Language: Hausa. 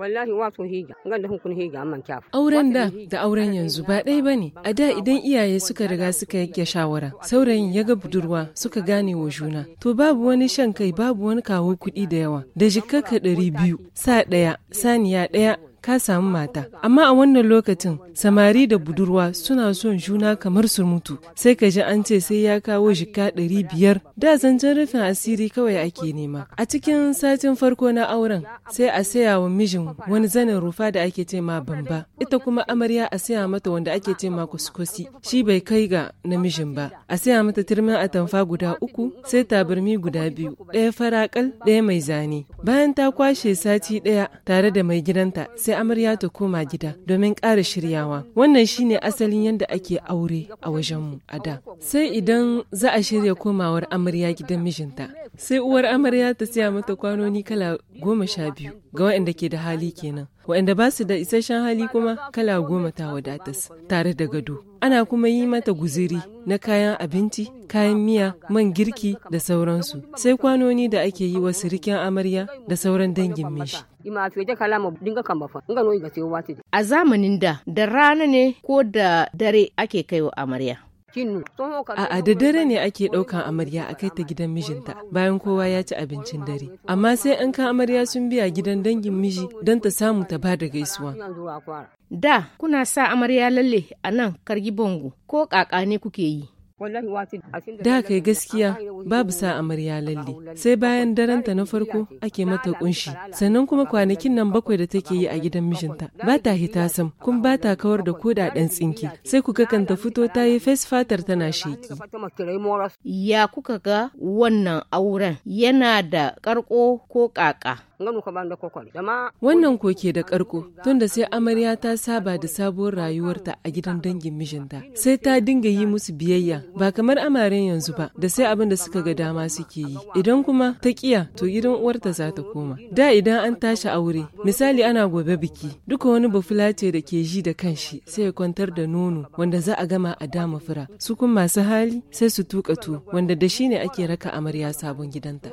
wallahi wato ngan da hun hija amma auren da da auren yanzu ba ɗaya bane a da idan iyaye suka riga suka yanke shawara saurayin ya ga budurwa suka gane wa juna to babu wani shan kai babu wani kawo kuɗi da yawa da jikka ɗari biyu sa ɗaya saniya ɗaya ka samu mata amma a wannan lokacin samari da budurwa suna son juna kamar su mutu sai ka ji an ce sai ya kawo jika ɗari biyar da zancen rufin asiri kawai ake nema a cikin satin farko na auren sai a saya wa mijin wani zanin rufa da ake ce ma bamba ita kuma amarya a saya mata wanda ake ce ma kuskusi shi bai kai ga namijin ba a saya mata turmin atamfa guda uku sai tabarmi guda biyu ɗaya farakal ɗaya mai zane bayan ta kwashe sati ɗaya tare da mai gidanta sai sai amarya ta koma gida domin ƙara shiryawa. Wannan shine asalin yadda ake aure a wajenmu a da. Sai idan za a shirya komawar amarya gidan mijinta Sai uwar amarya ta siya mata kwanoni kala goma sha biyu ga waɗanda ke da hali kenan. Waɗanda ba su da isasshen hali kuma kala goma ta wadatas tare da gado. Ana kuma yi mata guziri na kayan abinci, kayan miya, man girki da sauransu. Sai kwanoni da ake yi wa sirikin amarya da sauran dangin mishi. A zamanin da, da rana ne ko da dare ake kaiwa amarya. 'a da dare ne ake ɗaukan amarya a kai ta gidan mijinta bayan kowa ya ci abincin dare. Amma sai an ka amarya sun biya gidan dangin miji don ta samu ta ba da gaisuwa. Da kuna sa amarya lalle a nan kargi bongo ko ƙaƙa ne kuke yi. Da kai gaskiya babu sa amarya lalle sai bayan daren ta na farko ake mata kunshi sannan kuma kwanakin nan bakwai da take yi a gidan mijinta ba ta hita sam kun ba ta kawar da kodaden tsinki sai kuka kanta fito ta yi face fatar tana sheki. Ya kuka ga wannan auren yana da karko ko kaka. Wannan koke da karko tunda sai amarya ta saba da sabuwar rayuwarta a gidan dangin mijinta sai ta dinga yi musu biyayya ba kamar amaren yanzu ba da sai abin da suka ga dama suke yi idan kuma ta kiya to gidan uwarta za ta koma da idan an tashi aure misali ana gobe biki duka wani bafulace da ke ji da kanshi sai ya kwantar da nono wanda za a gama a dama fura su kun masu hali sai su tuka tu wanda da shi ne ake raka amarya sabon gidanta.